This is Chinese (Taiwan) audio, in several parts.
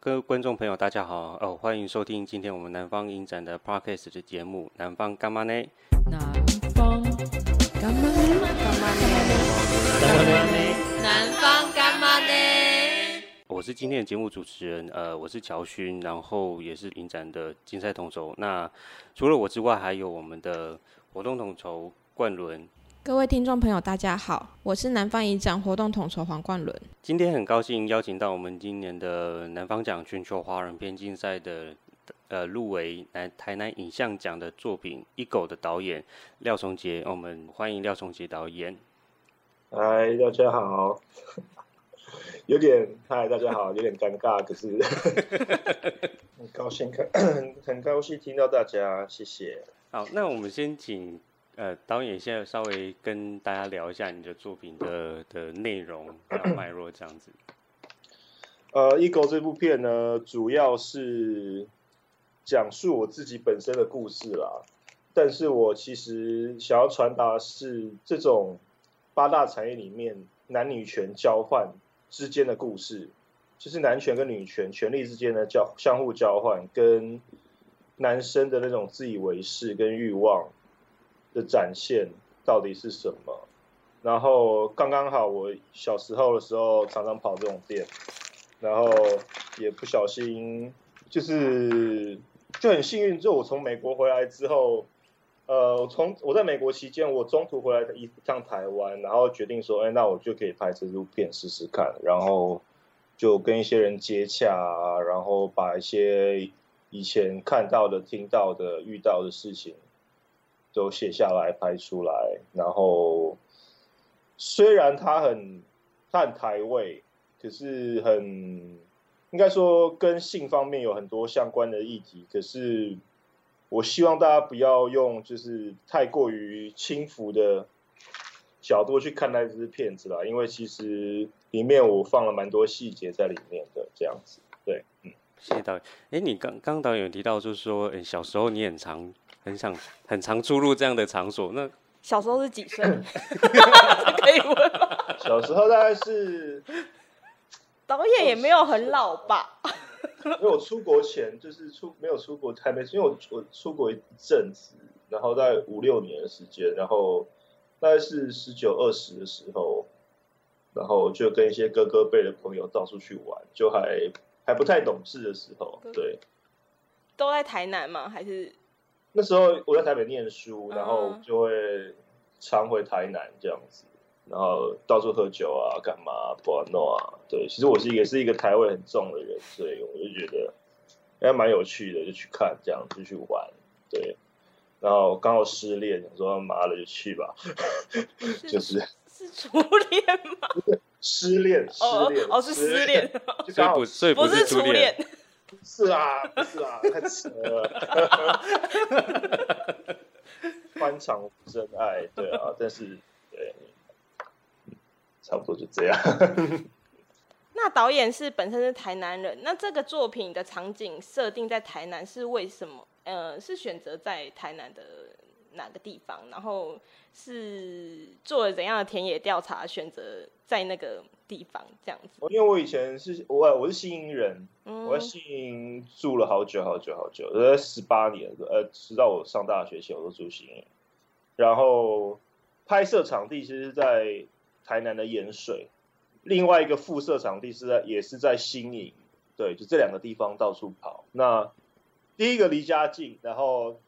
各位觀眾朋友，大家好！哦，歡迎收聽今天我們南方影展的 podcast 的節目《南方幹嘛呢》南。南方幹嘛呢？南方幹嘛呢？南方幹嘛呢？我是今天的節目主持人，呃，我是喬勛，然後也是影展的競賽統籌。那除了我之外，還有我們的活動統籌冠倫。各位聽眾朋友，大家好，我是南方影展活動統籌黃冠倫。今天很高興邀請到我們今年的南方獎全球華人編競賽的呃入圍來台南影像獎的作品《一狗》的導演廖崇傑，我們歡迎廖崇傑導演。嗨，大家好， 有點嗨，Hi, 大家好，有點尷尬，可是 很高興看，很 很高興聽到大家，謝謝。好，那我們先請。呃，導演，現在稍微跟大家聊一下你的作品的的內容、脈絡這樣子。呃，一狗這部片呢，主要是講述我自己本身的故事啦，但是我其實想要傳達的是這種八大產業裡面男女權交換之間的故事，就是男權跟女權權力之間的交相互交換，跟男生的那種自以為是跟欲望。的展現到底是什麼？然後剛剛好，我小時候的時候常常跑這種店，然後也不小心，就是就很幸運。就我從美國回來之後，呃，從我，我在美國期間，我中途回來一趟台灣，然後決定說，哎，那我就可以拍這部片試試看。然後就跟一些人接洽啊，然後把一些以前看到的、聽到的、遇到的事情。都寫下來拍出來，然後雖然他很、他很台位，可是很應該說跟性方面有很多相關的議題。可是我希望大家不要用就是太過於輕浮的角度去看待這支片子啦，因為其實裡面我放了蠻多細節在裡面的這樣子。對，嗯，謝謝導演。哎、欸，你剛剛導演有提到就是說、欸，小時候你很常。很想，很常出入這樣的場所，那小時候是幾歲？ 可以問。小時候大概是導演也沒有很老吧，因為我出國前就是出沒有出國，還沒因為我我出國一陣子，然後大概五六年的時間，然後大概是十九二十的時候，然後就跟一些哥哥輩的朋友到處去玩，就還還不太懂事的時候，對，都在台南嗎？還是？那時候我在台北念書，然後就會常回台南這樣子，uh huh. 然後到處喝酒啊，幹嘛、啊、不 a 弄啊？對，其實我是也是一個台味很重的人，所以我就覺得應該蠻有趣的，就去看這樣子，就去玩，對。然後剛好失戀，想說媽、啊、的就去吧，就 是。是初戀嗎？失戀，失戀，哦、oh, oh, oh, 是失戀，所以不，不是初戀。 是啊，是啊，太遲了。歡 場真愛，對啊，但是對、欸，差不多就這樣。 那導演是本身是台南人，那這個作品的場景設定在台南是為什麼？呃，是選擇在台南的哪個地方？然後是做了怎樣的田野調查，選擇在那個？地方這樣子，因為我以前是我我是新營人，嗯、我在新營住了好久好久好久，呃十八年，呃直到我上大學前我都住新營。然後拍攝場地其實是在台南的鹽水，另外一個副攝場地是在也是在新營，對，就這兩個地方到處跑。那第一個離家近，然後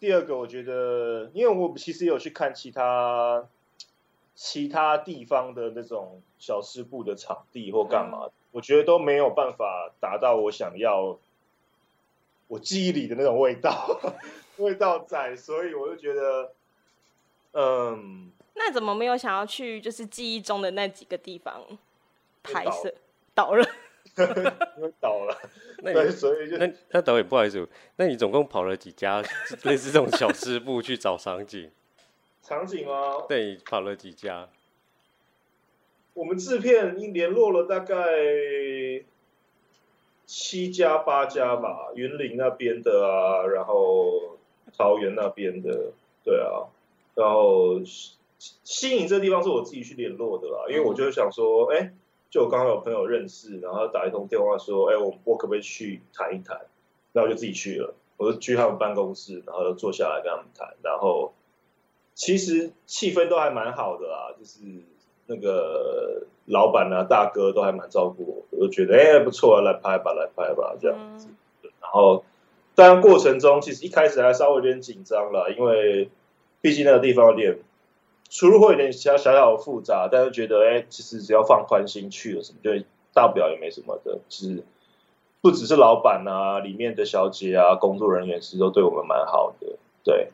第二個我覺得，因為我其實有去看其他。其他地方的那種小吃部的場地或幹嘛，我覺得都沒有辦法達到我想要我記憶裡的那種味道，味道在，所以我就覺得，嗯，那怎麼沒有想要去就是記憶中的那幾個地方拍攝？倒了，哈哈，倒了。那 所以就那那,那導演不好意思，那你總共跑了幾家類似這種小吃部去找場景？ 場景啊，對，跑了幾家。我們制片已經聯絡了大概七家八家吧，雲林那邊的啊，然後桃園那邊的，對啊，然後新新營這地方是我自己去聯絡的啦，嗯、因為我就想說，哎、欸，就我剛好有朋友認識，然後打一通電話說，哎、欸，我我可不可以去談一談？然後就自己去了，我就去他們辦公室，然後就坐下來跟他們談，然後。其實氣氛都還蠻好的啦、啊，就是那個老闆啊、大哥都還蠻照顧我，我覺得哎不錯啊，來拍吧，來拍吧這樣子。嗯、然後但過程中其實一開始還稍微有點緊張了，因為畢竟那個地方有點出入會有點小小小複雜，但是覺得哎其實只要放寬心去了什麼，就大不了也沒什麼的。其、就、實、是、不只是老闆啊，裡面的小姐啊、工作人員其實都對我們蠻好的，對。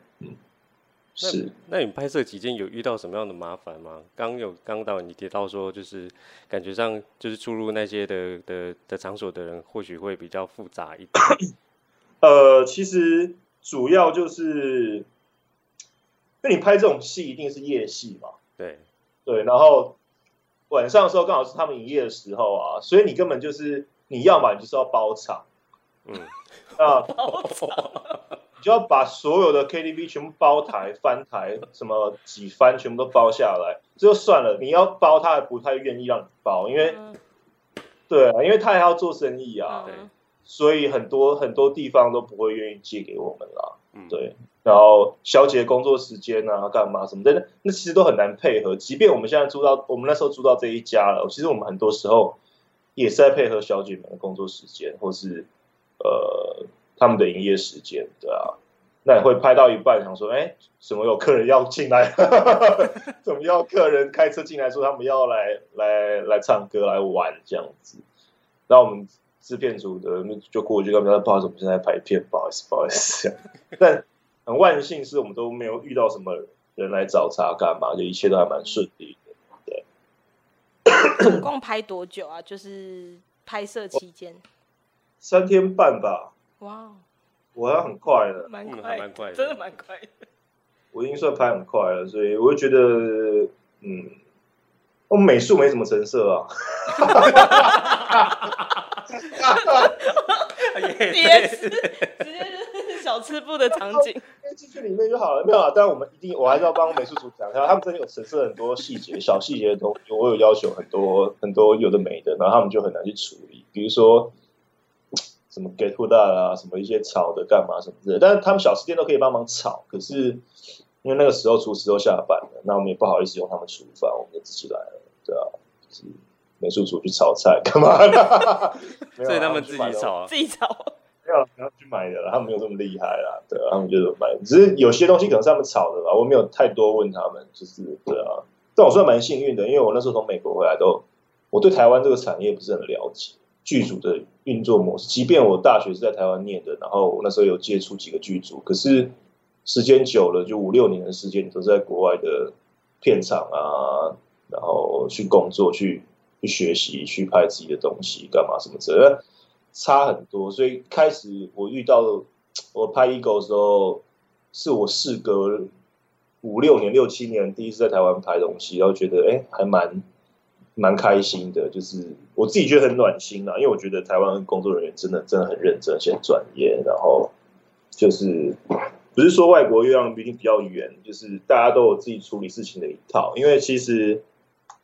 是，那你拍攝期間有遇到什麼樣的麻煩嗎？剛有剛導，你提到說，就是感覺上就是出入那些的的的場所的人，或許會比較複雜一點 呃，其實主要就是，那你拍這種戲一定是夜戲嘛？對，對，然後晚上的時候剛好是他們營業的時候啊，所以你根本就是你要嘛，你就是要包場，嗯，啊、呃。 就要把所有的 KTV 全部包台翻台什麼幾番全部都包下來，這就算了。你要包他還不太願意讓你包，因為、嗯、對啊，因為他也要做生意啊，嗯、所以很多很多地方都不會願意借給我們啦。對，嗯、然後小姐的工作時間啊，幹嘛什麼的，那其實都很難配合。即便我們現在租到我們那時候租到這一家了，其實我們很多時候也是在配合小姐們的工作時間，或是呃。他們的營業時間，對啊，那也會拍到一半，想說，哎，什麼有客人要進來？ 怎麼要客人開車進來？說他們要來來來唱歌，來玩這樣子。那我們製片組的就過去，他們說：“不好意思，我們現在拍片，不好意思，不好意思。”但很萬幸是我們都沒有遇到什麼人，人來找茬幹嘛，就一切都還蠻順利的。對，總共拍多久啊？就是拍攝期間、哦、三天半吧。哇，wow, 我還很快的，蠻快，嗯，蠻快的，真的蠻快的。我已經算拍很快了，所以我就覺得，嗯，我、哦、美術沒什麼成色啊。哈哈哈哈哈哈！哈哈，哈哈直接是小吃部的場景，進去裡面就好了。沒有啊，但我們一定，我還是要幫美術組講一下，他們真的有陳設很多細節 小細節的東西，我有要求很多很多有的沒的，然後他們就很難去處理，比如說什麼 get f o d 啊，什麼一些炒的幹嘛什麼之類的，但是他們小吃店都可以幫忙炒，可是因為那個時候廚師都下班了，那我們也不好意思用他們廚房，我們就自己來了，對啊，就是美術組去炒菜幹嘛呢？所以他們自己炒，啊，自己炒，啊，沒有，啊，然後去買的啦，他們沒有這麼厲害啦，對啊，他們就是買，只是有些東西可能是他們炒的吧，我沒有太多問他們，就是對啊，但我算蠻幸運的，因為我那時候從美國回來都，我對台灣這個產業不是很了解。劇組的運作模式，即便我大學是在台灣念的，然後我那時候有接觸幾個劇組，可是時間久了，就五六年的時間，都在國外的片場啊，然後去工作、去，去學習、去拍自己的東西，幹嘛什麼的，差很多。所以開始我遇到我拍《一狗》的時候，是我時隔五六年、六七年第一次在台灣拍的東西，然後覺得哎，還蠻蠻開心的，就是。我自己覺得很暖心啊，因為我覺得台灣工作人員真的真的很認真、且專業，然後就是不是說外國月亮比你比較圓，就是大家都有自己處理事情的一套。因為其實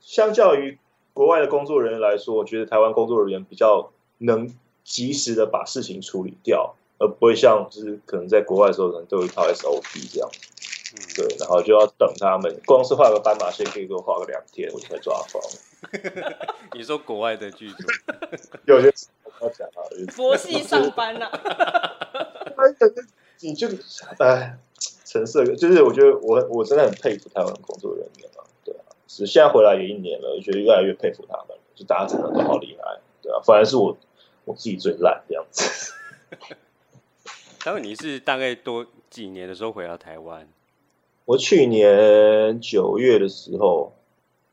相較於國外的工作人員來說，我覺得台灣工作人員比較能及時的把事情處理掉，而不會像就是可能在國外的時候可能都有一套 SOP 這樣。嗯、對，然後就要等他們。光是畫個斑馬線，可以多畫個兩天，我就才抓狂。 你說國外的劇組，有些要講啊，有 些。佛系上班了。你這個哎，成色就是，我覺得我我真的很佩服台灣的工作人員嘛、啊。對啊，是現在回來也一年了，我覺得越來越佩服他們，就大家真的都好厲害，對啊。反而是我我自己最爛這樣子。然後 你是大概多幾年的時候回到台灣？我去年九月的時候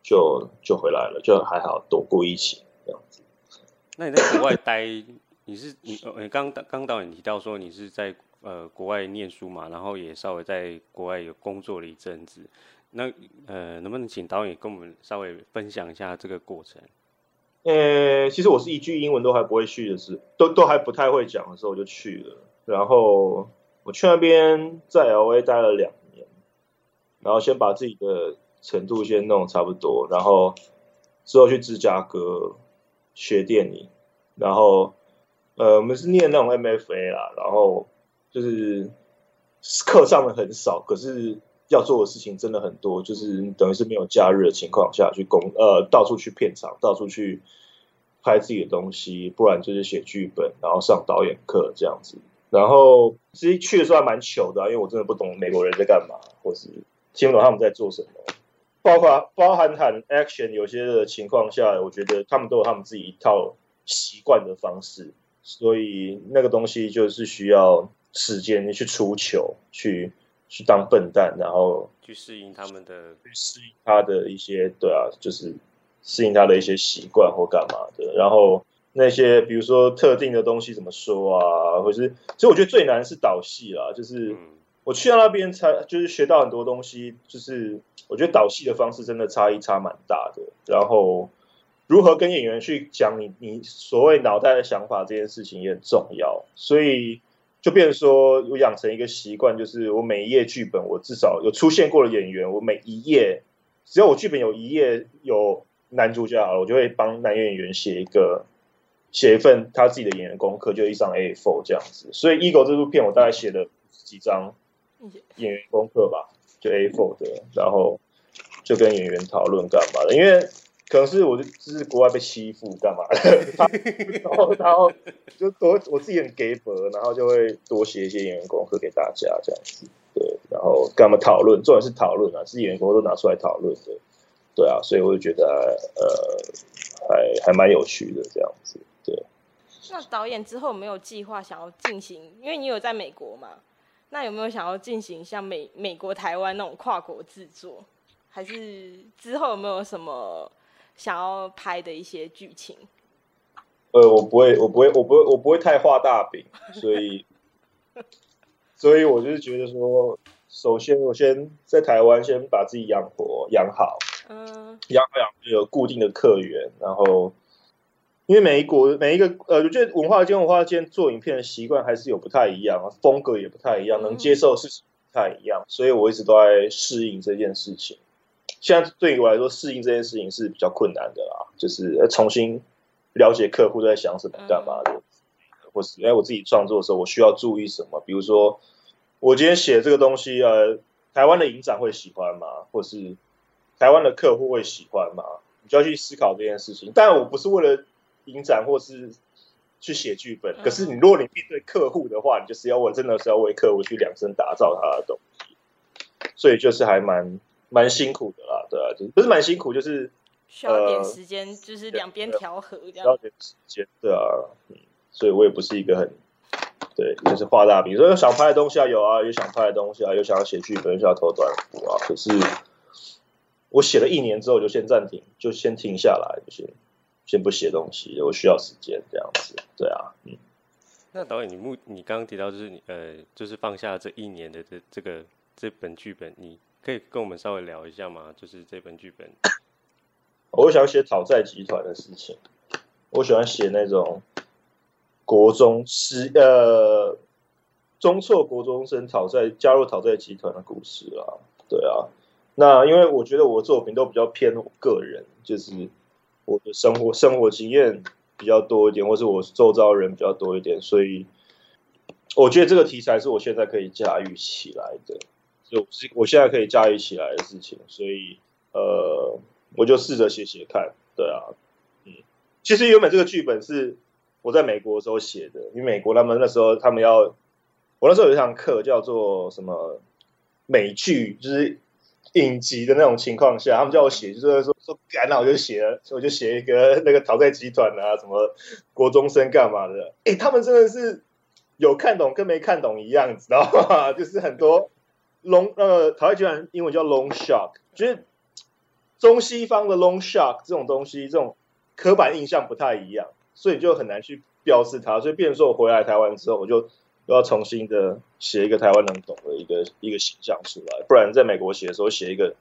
就，就就回來了，就還好，躲過疫情這樣子。那你在國外待， 你是你你剛剛導演提到說你是在呃國外念書嘛，然後也稍微在國外有工作了一陣子。那呃，能不能請導演跟我們稍微分享一下這個過程？呃、欸，其實我是一句英文都還不會去的，的，是都都還不太會講的時候，我就去了。然後我去那邊在 L A 待了兩。然後先把自己的程度先弄差不多，然後之後去芝加哥學電影，然後呃我們是念那種 MFA 啦，然後就是課上的很少，可是要做的事情真的很多，就是等於是沒有假日的情況下去工，呃，到處去片場，到處去拍自己的東西，不然就是寫劇本，然後上導演課這樣子。然後其實去的時候還蠻糗的啊，因為我真的不懂美國人在幹嘛，或是。聽不懂他們在做什麼，包括包含喊 action，有些的情況下，我覺得他們都有他們自己一套習慣的方式，所以那個東西就是需要時間你去出糗，去去當笨蛋，然後去適應他們的，去適應他的一些，對啊，就是適應他的一些習慣或幹嘛的，然後那些比如說特定的東西怎麼說啊，或者是其實我覺得最難是導戲啦，就是。嗯我去到那邊才就是學到很多東西，就是我覺得導戲的方式真的差異差蠻大的，然後如何跟演員去講你你所謂腦袋的想法這件事情也很重要，所以就變說我養成一個習慣，就是我每一頁劇本我至少有出現過的演員，我每一頁只要我劇本有一頁有男主角好了，我就會幫男演員寫一個寫一份他自己的演員功課，就一張 A4 這樣子。所以《Ego》這部片我大概寫了幾張。演員功課吧，就 A4 的，嗯、然後就跟演員討論幹嘛的，因為可能是我就是國外被欺負幹嘛的， 然後然後就多我，我自己很 g i v 然後就會多寫一些演員功課給大家這樣子。對，然後幹嘛討論，重點是討論啊，是演員功課都拿出來討論的。對啊，所以我就覺得呃，還還蠻有趣的這樣子。對。那導演之後沒有計劃想要進行？因為你有在美國嘛？那有沒有想要進行像美美國台灣那種跨國製作，還是之後有沒有什麼想要拍的一些劇情？呃，我不會，我不會，我不會，我不會太畫大餅，所以， 所以我就是覺得說，首先我先在台灣先把自己養活養好，嗯，養養有固定的客源，然後。因為每一國每一個呃，我覺得文化間文化間做影片的習慣還是有不太一樣啊，風格也不太一樣，能接受的事情不太一樣，嗯、所以我一直都在適應這件事情。現在對於我來說，適應這件事情是比較困難的啦，就是要重新了解客戶在想什麼幹嘛的，嗯、或是因為，我自己創作的時候我需要注意什麼？比如說我今天寫這個東西，呃，台灣的影展會喜歡嗎？或是台灣的客戶會喜歡嗎？你就要去思考這件事情。但我不是為了。影展或是去寫劇本，可是你如果你面對客戶的話，嗯、你就是要我真的是要為客戶去量身打造他的東西，所以就是還蠻蠻辛苦的啦，對啊，就、就是不是蠻辛苦，就是需要一點時間，呃、就是兩邊調和這樣，需要點時間，對啊，所以我也不是一個很對，就是畫大餅，所以想拍的東西啊有啊，又想拍的東西啊又想要寫劇本，又想要投短片啊，可是我寫了一年之後就先暫停，就先停下來，不行。先不寫東西，我需要時間這樣子，對啊，嗯。那導演你，你目你剛剛提到就是你呃，就是放下這一年的這這個這本劇本，你可以跟我們稍微聊一下嗎？就是這本劇本，我想寫討債集團的事情，我喜歡寫那種國中十呃中輟國中生討債加入討債集團的故事啊，對啊。那因為我覺得我的作品都比較偏我個人，就是。嗯。我的生活生活經驗比較多一點，或是我周遭人比較多一點，所以我覺得這個題材是我現在可以駕馭起來的，就是我現在可以駕馭起來的事情，所以呃，我就試着寫寫看。對啊，嗯，其實原本這個劇本是我在美國的時候寫的，因為美國他們那時候他們要，我那時候有一堂課叫做什麼美劇，就是。影集的那種情況下，他們叫我寫，就是說說改，啊，那我就寫了，我就寫一個那個討債集團啊，什麼國中生幹嘛的，哎，他們真的是有看懂跟沒看懂一樣，你知道嗎？就是很多龍呃討債集團英文叫 long shock，就是中西方的 long shock 這種東西，這種刻板印象不太一樣，所以就很難去標示它，所以變成說我回來台灣之後，我就。又要重新的寫一個台灣人懂的一個一個形象出來，不然在美國寫的時候寫一個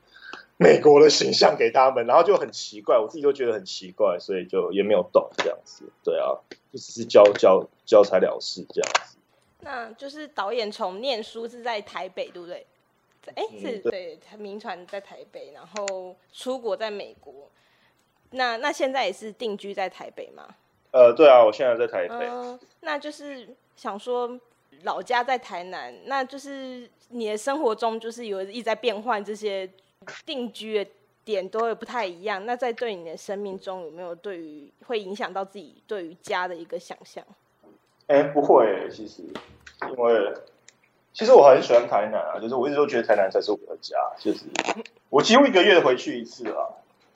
美國的形象給他們，然後就很奇怪，我自己都覺得很奇怪，所以就也沒有動這樣子。對啊，就只是交交教材了事這樣子。那就是導演從念書是在台北，對不對？哎、欸，是、嗯、對他銘傳在台北，然後出國在美國。那那現在也是定居在台北嗎？呃，對啊，我現在在台北。呃、那就是想說。老家在台南，那就是你的生活中就是有一直在變換這些定居的點，都會不太一樣。那在對你的生命中，有沒有對於會影響到自己對於家的一個想象？哎、欸，不會、欸，其實因為其實我很喜歡台南啊，就是我一直都覺得台南才是我的家。就是我幾乎一個月回去一次啊，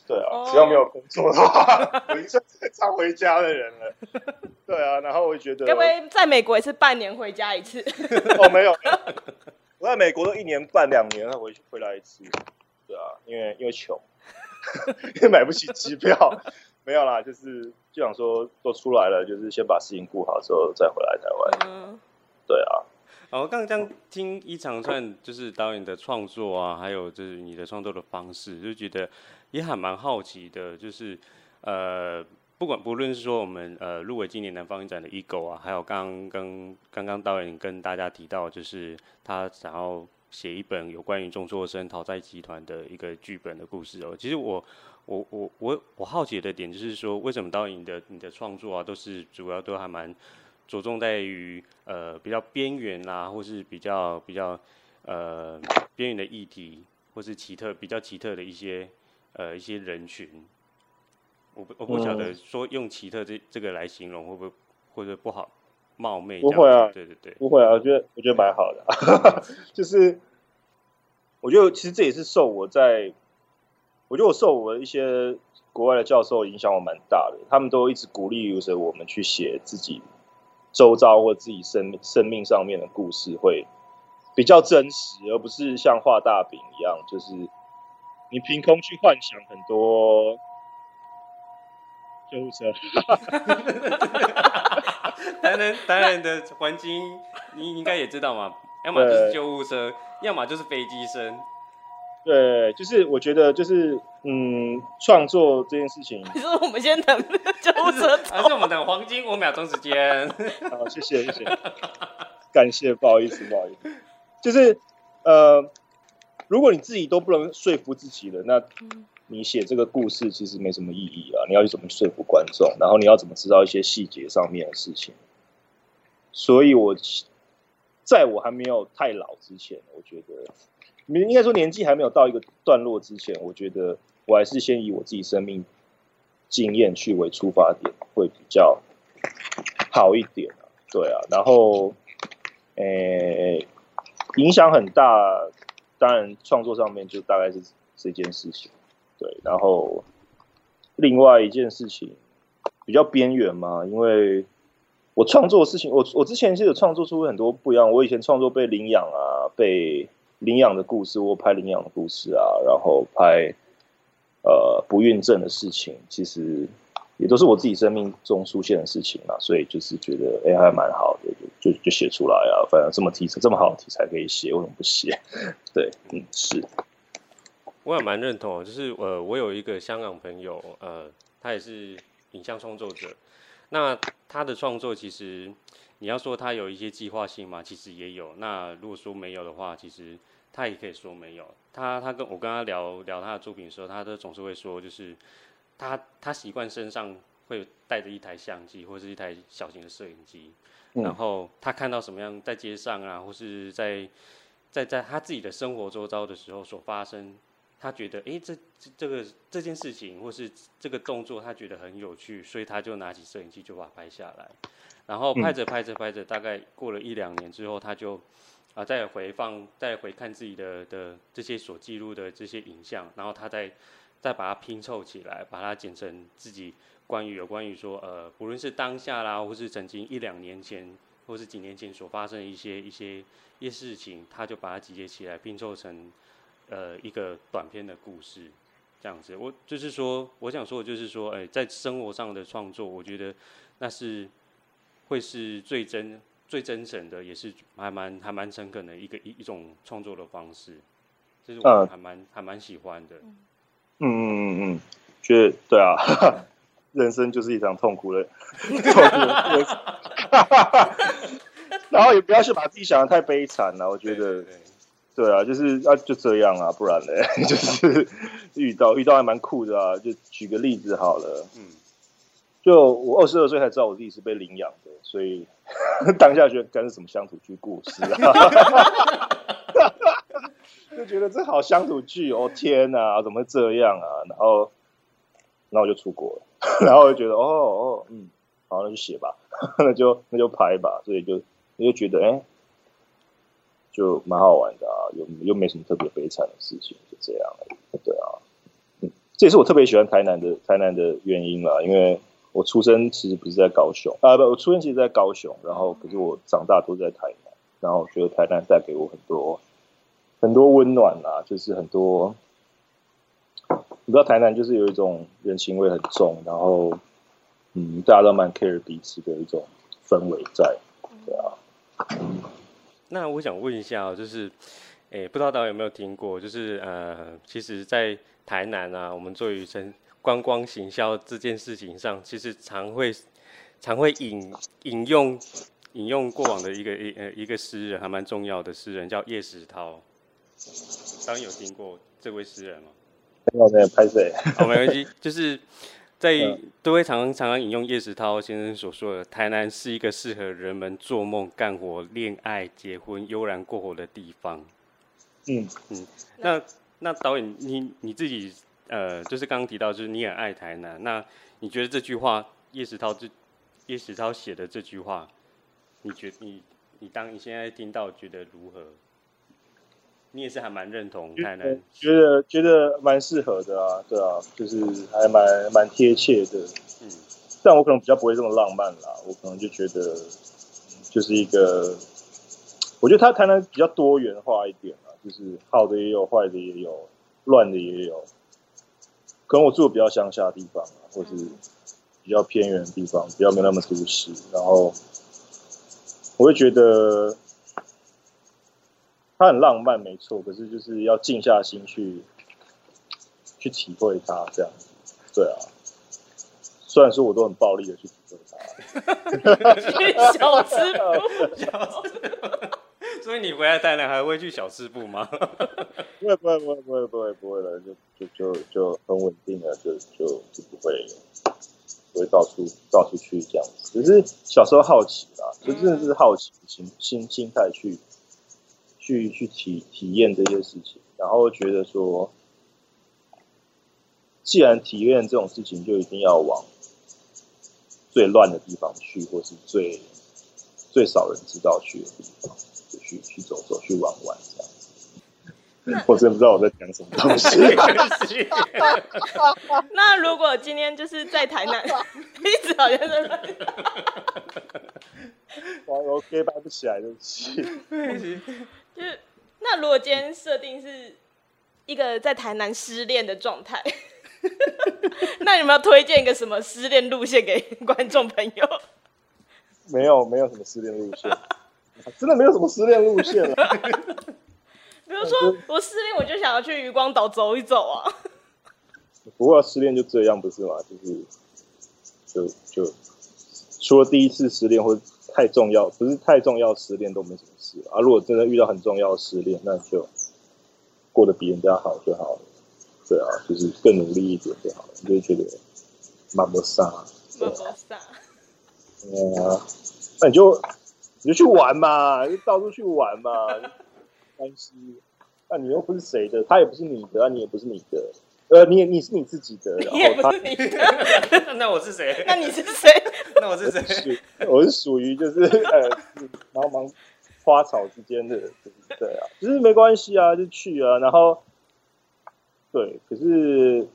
對啊，oh. 只要沒有工作的話， 我已經算是常回家的人了。 對啊，然後我覺得，因為在美國也是半年回家一次。 哦，沒有， 我在美國都一年半兩年才回回來一次。對啊，因為因為窮，也 買不起機票，沒有啦，就是就想說都出來了，就是先把事情顧好之後再回來台灣。嗯，對啊。我剛剛聽一長串就是導演的創作啊，嗯、還有就是你的創作的方式，就覺得也還蠻好奇的，就是呃。不管不論是說我們呃入圍今年南方影展的《一狗》啊，還有剛剛剛剛導演跟大家提到，就是他想要寫一本有關於中輟生討債集團的一個劇本的故事哦。其實我我我我我好奇的點就是說，為什麼導演的你的創作啊，都是主要都還蠻着重在於呃比較邊緣啊，或是比較比較呃邊緣的議題，或是奇特比較奇特的一些呃一些人群。我我不曉得說，用奇特這這個來形容會不會會不會不好，冒昧。不會啊，對對對，不會啊，我覺得我覺得蠻好的，對 就是我覺得其實這也是受我在我覺得我受我的一些國外的教授影響，我蠻大的，他們都一直鼓勵，有時候我們去寫自己周遭或自己生生命上面的故事，會比較真實，而不是像畫大餅一樣，就是你憑空去幻想很多。救護車，當然當然的黃金，你應該也知道嘛，要麼就是救護車，對要麼就是飛機聲。對，就是我覺得就是嗯，創作這件事情。你說我們先等救護車，啊，還是我們等黃金五秒鐘時間？ 好，謝謝謝謝，感謝，不好意思不好意思，就是呃，如果你自己都不能說服自己了，那。你寫這個故事其實沒什麼意義啊，你要去怎麼說服觀眾？然後你要怎麼知道一些細節上面的事情？所以，我在我還沒有太老之前，我覺得應該說年紀還沒有到一個段落之前，我覺得我還是先以我自己生命經驗去為出發點，會比較好一點啊。對啊，然後誒、欸，影響很大，當然創作上面就大概是這件事情。對，然後另外一件事情比較邊緣嘛，因為我創作的事情，我我之前是有創作出很多不一樣。我以前創作被領養啊，被領養的故事，我拍領養的故事啊，然後拍呃不孕症的事情，其實也都是我自己生命中出現的事情嘛。所以就是覺得 AI 蠻好的，就就，就寫出來啊。反正這麼題材這麼好的題材可以寫，為什麼不寫？對，嗯，是。我也蠻認同就是，呃，我有一個香港朋友，呃，他也是影像創作者。那他的創作其實，你要說他有一些計劃性嗎？其實也有。那如果說沒有的話，其實他也可以說沒有。他他跟我跟他聊聊他的作品的時候，他都總是會說，就是他他習慣身上會帶着一台相機或是一台小型的攝影機，嗯，然後他看到什麼樣在街上啊，或是在在在他自己的生活周遭的時候所發生。他覺得，哎，這這這個這件事情，或是這個動作，他覺得很有趣，所以他就拿起攝影機就把它拍下來。然後拍着拍着拍着，大概過了一兩年之後，他就啊、呃、再回放、再回看自己的的這些所記錄的這些影像，然後他再再把它拼湊起來，把它剪成自己關於有關於說，呃，不論是當下啦，或是曾經一兩年前，或是幾年前所發生的一些一些一些事情，他就把它集結起來，拼湊成。呃，一個短片的故事，這樣子。我就是說，我想說的就是說，哎、欸，在生活上的創作，我覺得那是會是最真、最真誠的，也是還蠻、還蠻誠懇的一個一一種創作的方式。這是我們還蠻、呃、還蠻喜歡的。嗯嗯嗯嗯，覺得對啊，嗯、人生就是一場痛苦的痛苦。 然後也不要去把自己想得太悲慘了，我覺得。對對對對啊，就是啊，就這樣啊，不然嘞？就是遇到遇到還蠻酷的啊。就舉個例子好了，嗯，就我二十二歲才知道我自己是被領養的，所以呵呵當下覺得該是什麼鄉土劇故事啊？ 就覺得這好鄉土劇哦，天啊，怎麼會這樣啊？然後，然後我就出國了，然後我就覺得哦哦，嗯，好，那就寫吧，那就那就拍吧，所以就我就覺得哎。欸就蠻好玩的啊，又又沒什麼特別悲慘的事情，就這樣而已，對啊。嗯，這也是我特別喜歡台南的台南的原因啦。因為我出生其實不是在高雄啊，不，我出生其實在高雄，然後可是我長大多在台南，然後我覺得台南帶給我很多很多溫暖啦，就是很多，你知道台南就是有一種人情味很重，然後嗯，大家都蠻 care 彼此的一種氛圍在，對啊。嗯那我想問一下，就是，欸、不知道大家有沒有聽過，就是呃，其實，在台南啊，我們做旅程觀光行銷這件事情上，其實常會常會引引用引用過往的一個一呃一個詩人，還蠻重要的詩人叫葉石濤。當然有聽過這位詩人嗎？我沒有，沒有拍攝，好、 哦、沒關係，就是。在都會常常常引用葉石濤先生所說的“台南是一個適合人們做夢、幹活、戀愛、結婚、悠然過活的地方”。嗯。嗯嗯，那那導演，你你自己呃，就是剛剛提到，就是你很愛台南，那你覺得這句話葉石濤這葉石濤寫的這句話，你覺得你你當你現在聽到，覺得如何？你也是還蠻認同台南，欸欸、覺得覺得蠻適合的啊，對啊，就是還蠻蠻貼切的。嗯，但我可能比較不會這麼浪漫啦，我可能就覺得就是一個，我覺得他台南比較多元化一點啊，就是好的也有，壞的也有，亂的也有。可能我住的比較鄉下的地方啊，嗯、或是比較偏遠的地方，比較沒那麼都市，然後我會覺得。他很浪漫，沒錯，可是就是要靜下心去，去體會他。這樣，對啊。雖然說我都很暴力的去體會他。小吃部，小吃部。所以你回來台南還會去小吃部嗎？ 不會，不會，不會，不會，不會，不會的，就就就就很穩定的，就就就不會，不會到處到處去這樣子。可是小時候好奇啦，就、嗯、真的是好奇心心心態去。去去體體驗這些事情，然後覺得說，既然體驗這種事情，就一定要往最亂的地方去，或是最最少人知道去的地方，就去去走走，去玩玩這樣。我真不知道我在講什麼東西。 那如果今天就是在台南，一直好像在。我我可以拍不起來，對不起。 就是，那如果今天設定是一個在台南失戀的狀態， 那有沒有推薦一個什麼失戀路線給觀眾朋友？沒有，沒有什麼失戀路線、 啊，真的沒有什麼失戀路線了、啊。 比如說我失戀，我就想要去漁光島走一走啊。不過、啊、失戀就這樣，不是嗎？就是就，就就除了第一次失戀或。太重要，不是太重要，失戀都沒什麼事啊。如果真的遇到很重要的失戀，那就過得比人家好就好了。對啊，就是更努力一點就好了。就會覺得攀不上，攀不上、啊啊啊。那你就你就去玩嘛，你就到處去玩嘛。 但是，那你又不是誰的，他也不是你的，啊、你也不是你的。呃，你也，你是你自己的，然後我不是你的。 那我是誰？那你是誰？ 那我是誰？我是屬於就是呃，哎就是、茫茫花草之間的，對，對啊，其、就是沒關係啊，就去啊，然後，對，可是，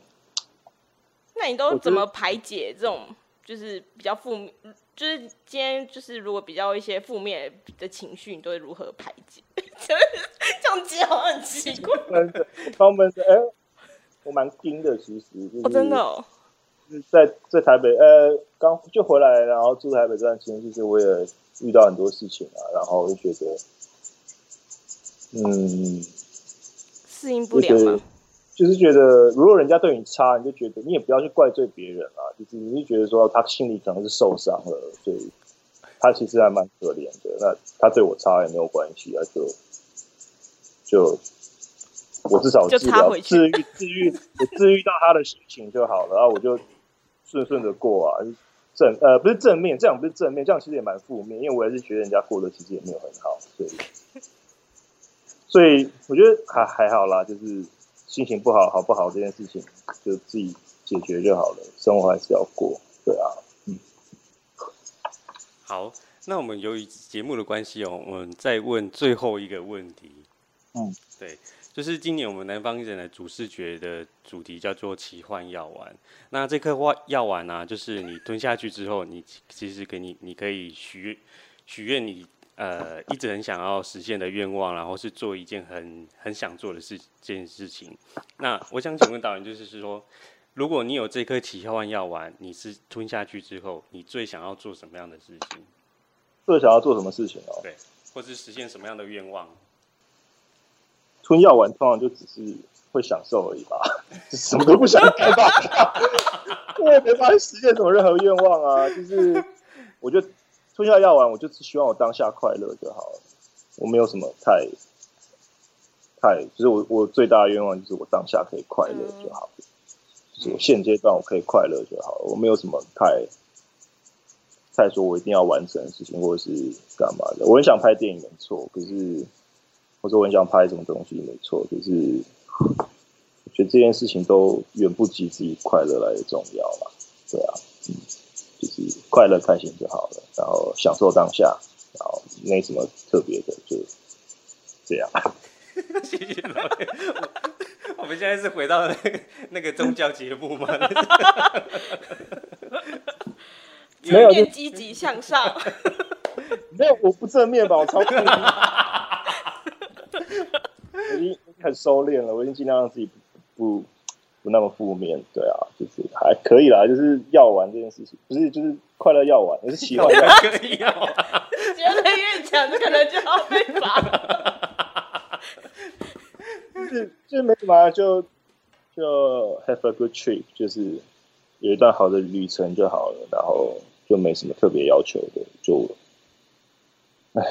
那你都怎麼排解這種就是比較負，面，就是今天就是如果比較一些負面的情緒，你都會如何排解？真 的這樣講好像很奇怪。幫我 們哎。欸我蠻盯的，其實就是。我真的。在在台北，呃，剛就回來，然後住在台北這段時間，就是我也遇到很多事情啊，然後就覺得，嗯，適應不了。就是覺得，如果人家對你差，你就覺得你也不要去怪罪別人啊，就是你就覺得說他心裡可能是受傷了，所以他其實還蠻可憐的。那他對我差也沒有關係啊，就就。我至少治療、治癒、治癒、治癒到他的心情就好了，然後我就順順的過啊。正呃，不是正面，這樣不是正面，這樣其實也蠻負面，因為我還是覺得人家過得其實也沒有很好，所以所以我覺得還、啊、還好啦，就是心情不好好不好這件事情，就自己解決就好了，生活還是要過，對啊，嗯。好，那我們由於節目的關係哦，我們再問最後一個問題。嗯，對，就是今年我們南方影人的主視覺的主題叫做奇幻藥丸。那這顆藥藥丸呢、啊，就是你吞下去之後，你其實給你，你可以許許願你呃一直很想要實現的願望，然後是做一件很很想做的事這件事情。那我想請問導演，就是說，如果你有這顆奇幻藥丸，你是吞下去之後，你最想要做什麼樣的事情？最想要做什麼事情、哦、對，或是實現什麼樣的願望？春藥丸通常就只是會享受而已吧， 什麼都不想開， 我也沒辦法實現什麼任何願望啊。就是我就春藥丸，我就只希望我當下快樂就好了。我沒有什麼太、太，就是我我最大的願望就是我當下可以快樂就好了。嗯、就是我現階段我可以快樂就好了，我沒有什麼太、太說我一定要完成的事情或者是幹嘛的。我很想拍電影，沒錯，可是。我說我很想拍什麼東西，沒錯，就是我覺得這件事情都遠不及自己快樂來的重要嘛。對啊，嗯、就是快樂開心就好了，然後享受當下，然後沒什麼特別的，就這樣。啊、謝謝老闆。我們現在是回到那個那個宗教節目嗎？ 有點積極向上 沒。 沒有，我不正面吧，我超正面 我已經很收斂了，我已經盡量讓自己不不，不那麼負面，對啊，就是還可以啦，就是要玩這件事情，不是就是快樂要玩，而是喜他也可以要。嗎 覺得越強，可能就要被罰。 就是沒什麼，就就 have a good trip，就是有一段好的旅程就好了，然後就沒什麼特別要求的，就哎，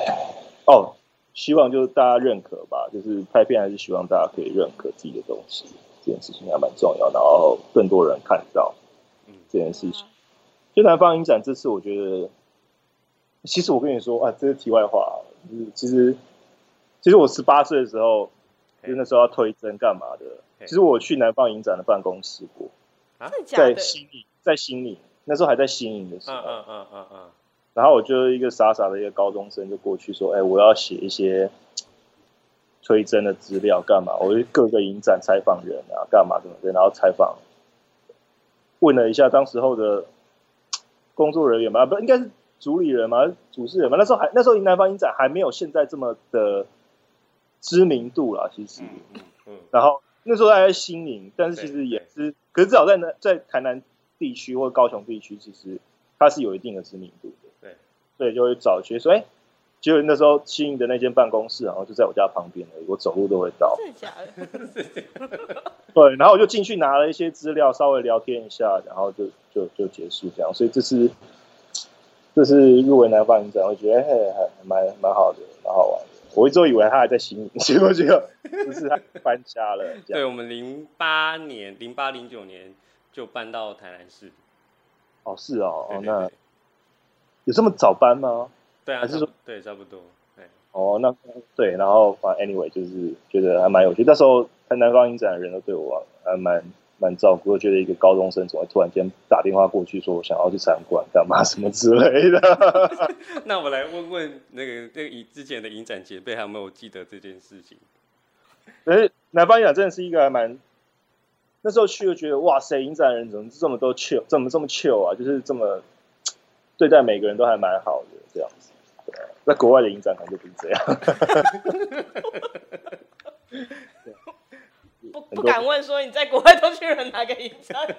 哦。Oh, 希望就是大家認可吧，就是拍片還是希望大家可以認可自己的東西，這件事情還蠻重要，然後更多人看到這件事情。嗯、就南方影展這次，我覺得其實我跟你說啊，這是題外話。就是其實其實我十八歲的時候，嘿就那時候要推甄幹嘛的。嘿其實我去南方影展的辦公室過，啊、在心裡在心營在新營，在新營那時候還在新營的時候。嗯嗯嗯嗯。啊啊啊然後我就一個傻傻的一個高中生，就過去說：“哎，我要寫一些推甄的資料幹嘛。我就各個影展採訪人啊，幹嘛怎麼對？然後採訪問了一下當時候的工作人員吧，不應該是主理人嘛，主事人嘛。那時候還那時候雲南方影展還沒有現在這麼的知名度啦，其實。嗯嗯嗯，然後那時候還在新營，但是其實也是，可是至少在南在台南地區或高雄地區，其實它是有一定的知名度的。”對，就會找一些，欸，結果，就那時候新營的那間辦公室，然後就在我家旁邊，我走路都會到。假的？假的 對，然後我就進去拿了一些資料，稍微聊天一下，然後就就就結束這樣。所以這是這是入圍南方影展，我覺得哎還蠻蠻好的，蠻好玩的。我一直以為他還在新營，結果結果，就是他搬家了。對我們零八年、零八零九年就搬到台南市。哦，是哦，哦對對對那。有這麼早班嗎？對啊，還是說對，差不多對。哦，那對，然後反正 anyway 就是覺得還蠻有趣。那時候在南方影展，人都對我還蠻蠻照顧，覺得一個高中生怎麼突然間打電話過去，說我想要去參觀幹嘛什麼之類的。那我來問問那個那個以之前的影展前輩， 還有沒有記得這件事情？哎、欸，南方影展真的是一個還蠻，那時候去就覺得哇塞，影展的人怎麼這麼多 chill，怎麼這麼 chill 啊？就是這麼。對待每個人都還蠻好的，這樣子。對啊、那國外的影展可能就不是這樣。呵呵 不不敢問說你在國外都去了哪個影展。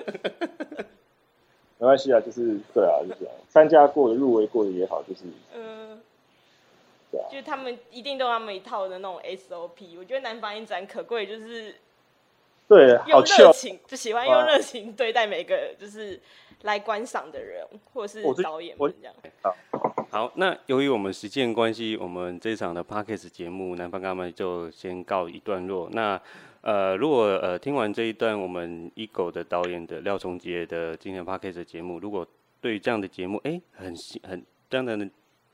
沒關係啊，就是對啊，就是、啊、參加過的、入圍過的也好，就是嗯，對啊，就他們一定都有他們一套的那種 SOP。我覺得南方影展可貴就是，對，用熱情，就喜歡用熱情對待每個人，啊、就是。來觀賞的人，或者是導演這樣。我這我好，好，那由於我們時間關係，我們這一場的 podcast 節目，南方他們就先告一段落。那呃，如果呃聽完這一段，我們一狗的導演的廖崇杰的今天 podcast 節目，如果對於這樣的節目，哎、欸，很很這樣的。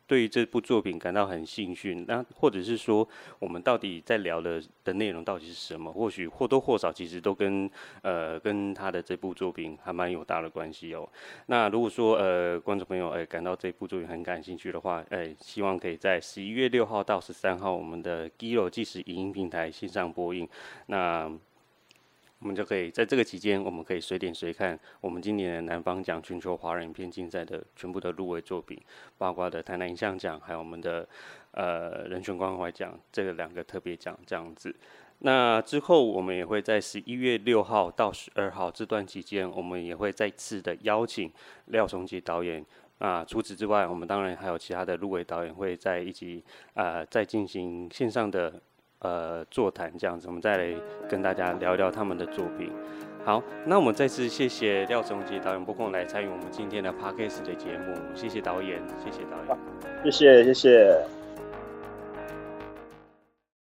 對於這部作品感到很興趣，那或者是說，我們到底在聊的的內容到底是什麼？或許或多或少其實都跟呃跟他的這部作品還蠻有大的關係哦。那如果說呃觀眾朋友誒感到這部作品很感興趣的話，誒希望可以在十一月六號到十三號我們的 Giloo 紀實影音平台線上播映。那我們就可以在這個期間，我們可以隨點隨看我們今年的南方獎全球華人影片競賽的全部的入圍作品，包括的台南影像獎，還有我們的呃人權關懷獎這個兩個特別獎這樣子。那之後我們也會在十一月六號到十二號這段期間，我們也會再次的邀請廖崇傑導演。啊，除此之外，我們當然還有其他的入圍導演會在一起啊、呃，再進行線上的。呃，座談這樣子，我們再來跟大家聊一聊他們的作品。好，那我們再次謝謝廖崇傑導演撥空來參與我們今天的 podcast 的節目。謝謝導演，謝謝導演，啊、謝謝，謝謝。